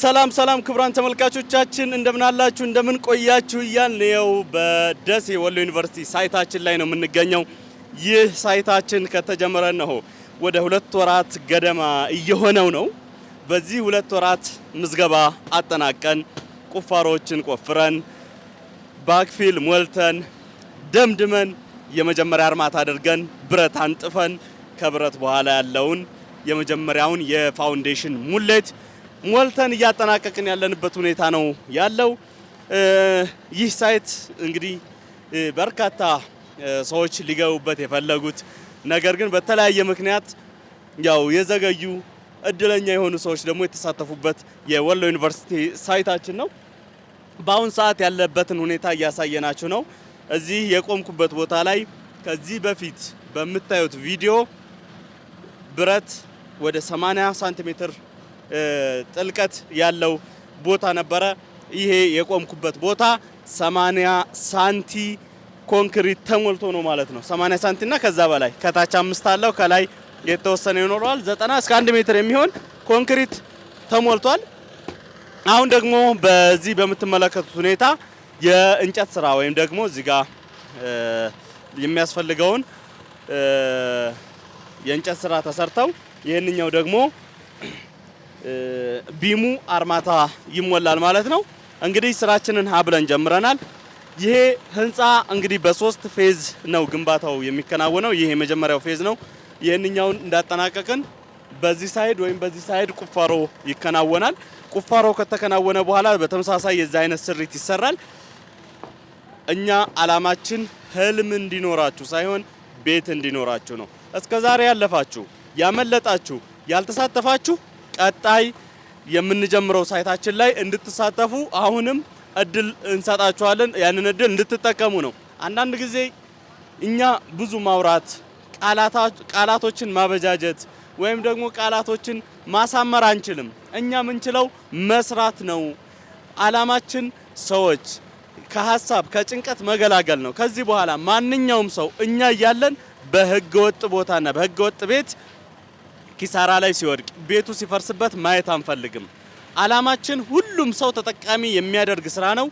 ሰላም ሰላም ክቡራን ተመልካቾቻችን እንደምናላችሁ እንደምን ቆያችሁ እያልን ይኸው በደሴ ወሎ ዩኒቨርሲቲ ሳይታችን ላይ ነው የምንገኘው። ይህ ሳይታችን ከተጀመረ ነው ወደ ሁለት ወራት ገደማ እየሆነው ነው። በዚህ ሁለት ወራት ምዝገባ አጠናቀን ቁፋሮችን ቆፍረን ባክፊል ሞልተን ደምድመን የመጀመሪያ እርማት አድርገን ብረት አንጥፈን ከብረት በኋላ ያለውን የመጀመሪያውን የፋውንዴሽን ሙሌት ሞልተን እያጠናቀቅን ያለንበት ሁኔታ ነው ያለው። ይህ ሳይት እንግዲህ በርካታ ሰዎች ሊገቡበት የፈለጉት ነገር ግን በተለያየ ምክንያት ያው የዘገዩ እድለኛ የሆኑ ሰዎች ደግሞ የተሳተፉበት የወሎ ዩኒቨርሲቲ ሳይታችን ነው። በአሁን ሰዓት ያለበትን ሁኔታ እያሳየናችሁ ነው። እዚህ የቆምኩበት ቦታ ላይ ከዚህ በፊት በምታዩት ቪዲዮ ብረት ወደ 80 ሳንቲሜትር ጥልቀት ያለው ቦታ ነበረ። ይሄ የቆምኩበት ቦታ 80 ሳንቲ ኮንክሪት ተሞልቶ ነው ማለት ነው። 80 ሳንቲ እና ከዛ በላይ ከታች አምስት አለው ከላይ የተወሰነ ይኖረዋል። 90 እስከ 1 ሜትር የሚሆን ኮንክሪት ተሞልቷል። አሁን ደግሞ በዚህ በምትመለከቱት ሁኔታ የእንጨት ስራ ወይም ደግሞ እዚህ ጋር የሚያስፈልገውን የእንጨት ስራ ተሰርተው ይህንኛው ደግሞ ቢሙ አርማታ ይሞላል ማለት ነው። እንግዲህ ስራችንን ሀብለን ጀምረናል። ይሄ ህንፃ እንግዲህ በሶስት ፌዝ ነው ግንባታው የሚከናወነው። ይሄ የመጀመሪያው ፌዝ ነው። ይህንኛውን እንዳጠናቀቅን በዚህ ሳይድ ወይም በዚህ ሳይድ ቁፋሮ ይከናወናል። ቁፋሮ ከተከናወነ በኋላ በተመሳሳይ የዚህ አይነት ስሪት ይሰራል። እኛ አላማችን ህልም እንዲኖራችሁ ሳይሆን ቤት እንዲኖራችሁ ነው። እስከ ዛሬ ያለፋችሁ፣ ያመለጣችሁ፣ ያልተሳተፋችሁ ቀጣይ የምንጀምረው ሳይታችን ላይ እንድትሳተፉ አሁንም እድል እንሰጣችኋለን። ያንን እድል እንድትጠቀሙ ነው። አንዳንድ ጊዜ እኛ ብዙ ማውራት፣ ቃላቶችን ማበጃጀት ወይም ደግሞ ቃላቶችን ማሳመር አንችልም። እኛ የምንችለው መስራት ነው። አላማችን ሰዎች ከሀሳብ ከጭንቀት መገላገል ነው። ከዚህ በኋላ ማንኛውም ሰው እኛ እያለን በህገ ወጥ ቦታና በህገ ወጥ ቤት ኪሳራ ላይ ሲወድቅ፣ ቤቱ ሲፈርስበት ማየት አንፈልግም። አላማችን ሁሉም ሰው ተጠቃሚ የሚያደርግ ስራ ነው።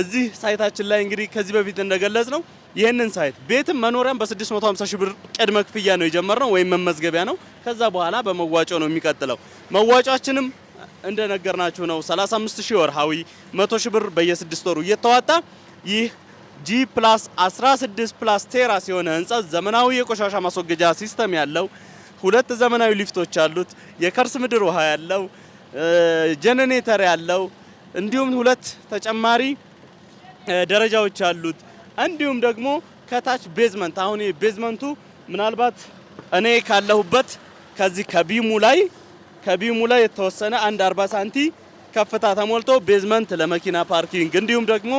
እዚህ ሳይታችን ላይ እንግዲህ ከዚህ በፊት እንደገለጽ ነው ይህንን ሳይት ቤትም መኖሪያም በ650 ሺህ ብር ቅድመ ክፍያ ነው የጀመርነው ወይም መመዝገቢያ ነው። ከዛ በኋላ በመዋጮ ነው የሚቀጥለው። መዋጮችንም እንደነገርናችሁ ነው 35 ሺህ ወርሃዊ 100 ሺህ ብር በየስድስት ወሩ እየተዋጣ ይህ ጂ ፕላስ 16 ፕላስ ቴራስ የሆነ ህንጻ ዘመናዊ የቆሻሻ ማስወገጃ ሲስተም ያለው ሁለት ዘመናዊ ሊፍቶች አሉት፣ የከርስ ምድር ውሃ ያለው ጀነሬተር ያለው እንዲሁም ሁለት ተጨማሪ ደረጃዎች አሉት። እንዲሁም ደግሞ ከታች ቤዝመንት አሁን ቤዝመንቱ ምናልባት እኔ ካለሁበት ከዚህ ከቢሙ ላይ ከቢሙ ላይ የተወሰነ አንድ 40 ሳንቲ ከፍታ ተሞልቶ ቤዝመንት ለመኪና ፓርኪንግ እንዲሁም ደግሞ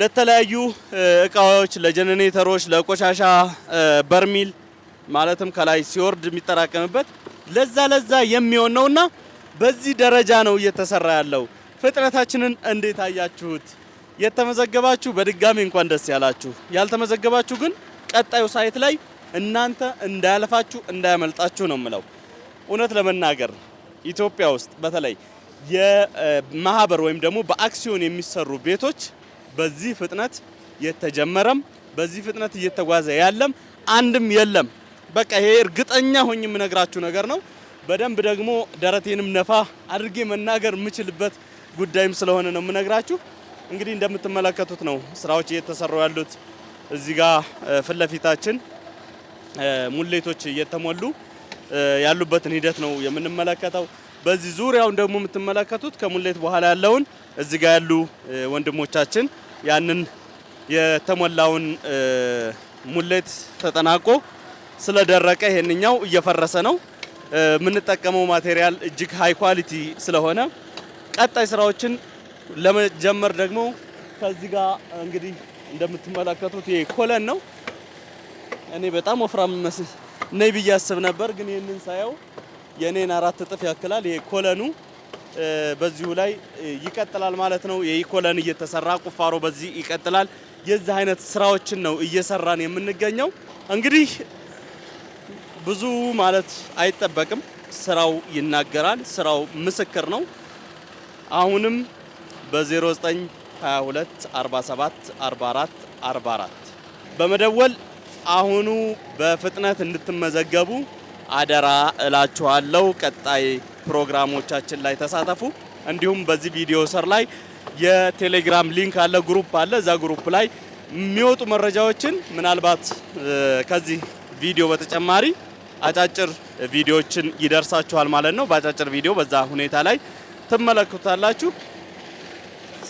ለተለያዩ እቃዎች፣ ለጀነሬተሮች፣ ለቆሻሻ በርሚል ማለትም ከላይ ሲወርድ የሚጠራቀምበት ለዛ ለዛ የሚሆን ነውና በዚህ ደረጃ ነው እየተሰራ ያለው። ፍጥነታችንን እንዴት አያችሁት? የተመዘገባችሁ በድጋሚ እንኳን ደስ ያላችሁ። ያልተመዘገባችሁ ግን ቀጣዩ ሳይት ላይ እናንተ እንዳያልፋችሁ እንዳያመልጣችሁ ነው የምለው። እውነት ለመናገር ኢትዮጵያ ውስጥ በተለይ የማህበር ወይም ደግሞ በአክሲዮን የሚሰሩ ቤቶች በዚህ ፍጥነት የተጀመረም በዚህ ፍጥነት እየተጓዘ ያለም አንድም የለም። በቃ ይሄ እርግጠኛ ሆኝ የምነግራችሁ ነገር ነው። በደንብ ደግሞ ደረቴንም ነፋ አድርጌ መናገር የምችልበት ጉዳይም ስለሆነ ነው የምነግራችሁ። እንግዲህ እንደምትመለከቱት ነው ስራዎች እየተሰሩ ያሉት። እዚህ ጋር ፊት ለፊታችን ሙሌቶች እየተሞሉ ያሉበትን ሂደት ነው የምንመለከተው። በዚህ ዙሪያውን ደግሞ የምትመለከቱት ከሙሌት በኋላ ያለውን እዚህ ጋር ያሉ ወንድሞቻችን ያንን የተሞላውን ሙሌት ተጠናቆ ስለደረቀ ይሄንኛው እየፈረሰ ነው። የምንጠቀመው ማቴሪያል እጅግ ሃይ ኳሊቲ ስለሆነ ቀጣይ ስራዎችን ለመጀመር ደግሞ ከዚህ ጋር እንግዲህ እንደምትመለከቱት ይሄ ኮለን ነው። እኔ በጣም ወፍራም መስል ነይ ብዬ አስብ ነበር፣ ግን ይህንን ሳየው የእኔን አራት እጥፍ ያክላል። ይሄ ኮለኑ በዚሁ ላይ ይቀጥላል ማለት ነው። ይህ ኮለን እየተሰራ ቁፋሮ በዚህ ይቀጥላል። የዚህ አይነት ስራዎችን ነው እየሰራን የምንገኘው እንግዲህ ብዙ ማለት አይጠበቅም። ስራው ይናገራል። ስራው ምስክር ነው። አሁንም በ0922474444 በመደወል አሁኑ በፍጥነት እንድትመዘገቡ አደራ እላችኋለሁ። ቀጣይ ፕሮግራሞቻችን ላይ ተሳተፉ። እንዲሁም በዚህ ቪዲዮ ስር ላይ የቴሌግራም ሊንክ አለ፣ ግሩፕ አለ። እዛ ግሩፕ ላይ የሚወጡ መረጃዎችን ምናልባት ከዚህ ቪዲዮ በተጨማሪ አጫጭር ቪዲዮዎችን ይደርሳችኋል ማለት ነው። በአጫጭር ቪዲዮ በዛ ሁኔታ ላይ ትመለከታላችሁ።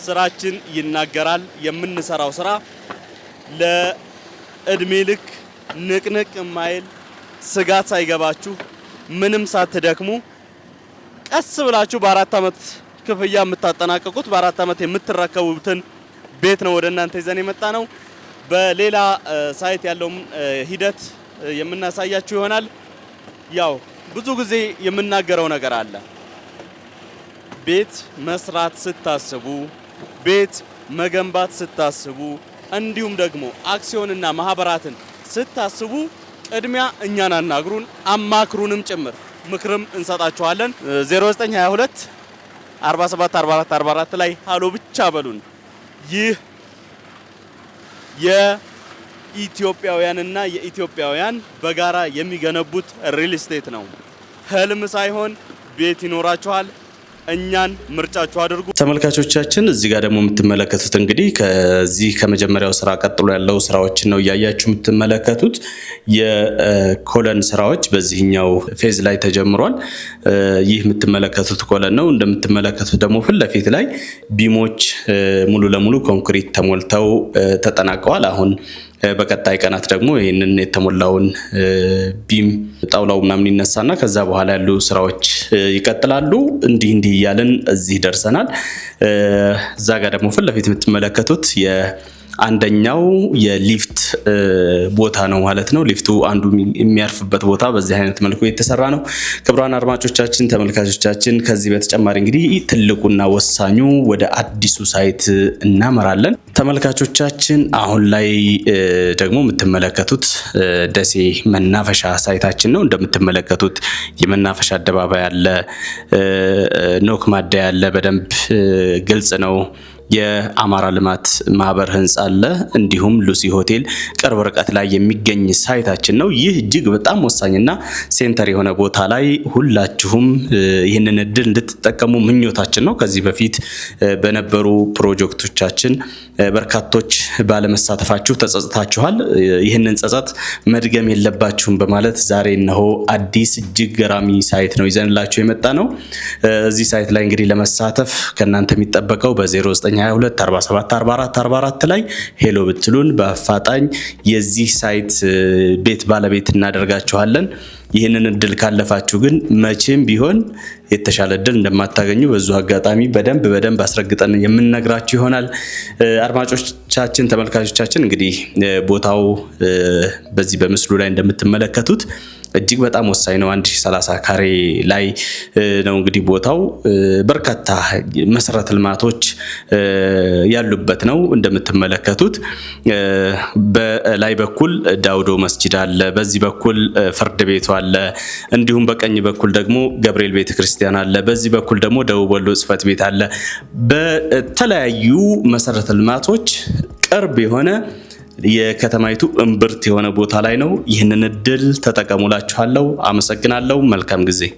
ስራችን ይናገራል። የምንሰራው ስራ ለእድሜ ልክ ንቅንቅ ማይል ስጋት ሳይገባችሁ ምንም ሳትደክሙ ቀስ ብላችሁ በአራት ዓመት ክፍያ የምታጠናቀቁት በአራት ዓመት የምትረከቡትን ቤት ነው ወደ እናንተ ይዘን የመጣ ነው። በሌላ ሳይት ያለውም ሂደት የምናሳያችሁ ይሆናል። ያው ብዙ ጊዜ የምናገረው ነገር አለ። ቤት መስራት ስታስቡ፣ ቤት መገንባት ስታስቡ፣ እንዲሁም ደግሞ አክሲዮንና ማህበራትን ስታስቡ ቅድሚያ እኛን አናግሩን፣ አማክሩንም ጭምር ምክርም እንሰጣችኋለን። 0922 47 44 44 ላይ ሀሎ ብቻ በሉን። ይህ የ ኢትዮጵያውያንና የኢትዮጵያውያን በጋራ የሚገነቡት ሪል ስቴት ነው። ህልም ሳይሆን ቤት ይኖራችኋል። እኛን ምርጫችሁ አድርጉ። ተመልካቾቻችን እዚህ ጋር ደግሞ የምትመለከቱት እንግዲህ ከዚህ ከመጀመሪያው ስራ ቀጥሎ ያለው ስራዎችን ነው እያያችሁ የምትመለከቱት። የኮለን ስራዎች በዚህኛው ፌዝ ላይ ተጀምሯል። ይህ የምትመለከቱት ኮለን ነው። እንደምትመለከቱት ደግሞ ፊት ለፊት ላይ ቢሞች ሙሉ ለሙሉ ኮንክሪት ተሞልተው ተጠናቀዋል። አሁን በቀጣይ ቀናት ደግሞ ይህንን የተሞላውን ቢም ጣውላው ምናምን ይነሳና ከዛ በኋላ ያሉ ስራዎች ይቀጥላሉ። እንዲህ እንዲህ እያልን እዚህ ደርሰናል። እዛ ጋር ደግሞ ፊት ለፊት የምትመለከቱት አንደኛው የሊፍት ቦታ ነው ማለት ነው። ሊፍቱ አንዱ የሚያርፍበት ቦታ በዚህ አይነት መልኩ የተሰራ ነው። ክቡራን አድማጮቻችን፣ ተመልካቾቻችን ከዚህ በተጨማሪ እንግዲህ ትልቁና ወሳኙ ወደ አዲሱ ሳይት እናመራለን። ተመልካቾቻችን አሁን ላይ ደግሞ የምትመለከቱት ደሴ መናፈሻ ሳይታችን ነው። እንደምትመለከቱት የመናፈሻ አደባባይ አለ፣ ኖክ ማደያ አለ። በደንብ ግልጽ ነው። የአማራ ልማት ማህበር ህንፃ አለ። እንዲሁም ሉሲ ሆቴል ቅርብ ርቀት ላይ የሚገኝ ሳይታችን ነው። ይህ እጅግ በጣም ወሳኝና ሴንተር የሆነ ቦታ ላይ ሁላችሁም ይህንን እድል እንድትጠቀሙ ምኞታችን ነው። ከዚህ በፊት በነበሩ ፕሮጀክቶቻችን በርካቶች ባለመሳተፋችሁ ተጸጽታችኋል። ይህንን ጸጸት መድገም የለባችሁም በማለት ዛሬ እነሆ አዲስ እጅግ ገራሚ ሳይት ነው ይዘንላችሁ የመጣ ነው። እዚህ ሳይት ላይ እንግዲህ ለመሳተፍ ከእናንተ የሚጠበቀው በ0922474444 ላይ ሄሎ ብትሉን በአፋጣኝ የዚህ ሳይት ቤት ባለቤት እናደርጋችኋለን። ይህንን እድል ካለፋችሁ ግን መቼም ቢሆን የተሻለ እድል እንደማታገኙ በዙ አጋጣሚ በደንብ በደንብ አስረግጠን የምንነግራችሁ ይሆናል። አድማጮቻችን፣ ተመልካቾቻችን እንግዲህ ቦታው በዚህ በምስሉ ላይ እንደምትመለከቱት እጅግ በጣም ወሳኝ ነው። 1030 ካሬ ላይ ነው እንግዲህ ቦታው በርካታ መሰረተ ልማቶች ያሉበት ነው። እንደምትመለከቱት በላይ በኩል ዳውዶ መስጂድ አለ፣ በዚህ በኩል ፍርድ ቤቱ አለ፣ እንዲሁም በቀኝ በኩል ደግሞ ገብርኤል ቤተ ክርስቲያን አለ፣ በዚህ በኩል ደግሞ ደቡብ ወሎ ጽሕፈት ቤት አለ። በተለያዩ መሰረተ ልማቶች ቅርብ የሆነ የከተማይቱ እምብርት የሆነ ቦታ ላይ ነው። ይህንን እድል ተጠቀሙላችኋለሁ። አመሰግናለሁ። መልካም ጊዜ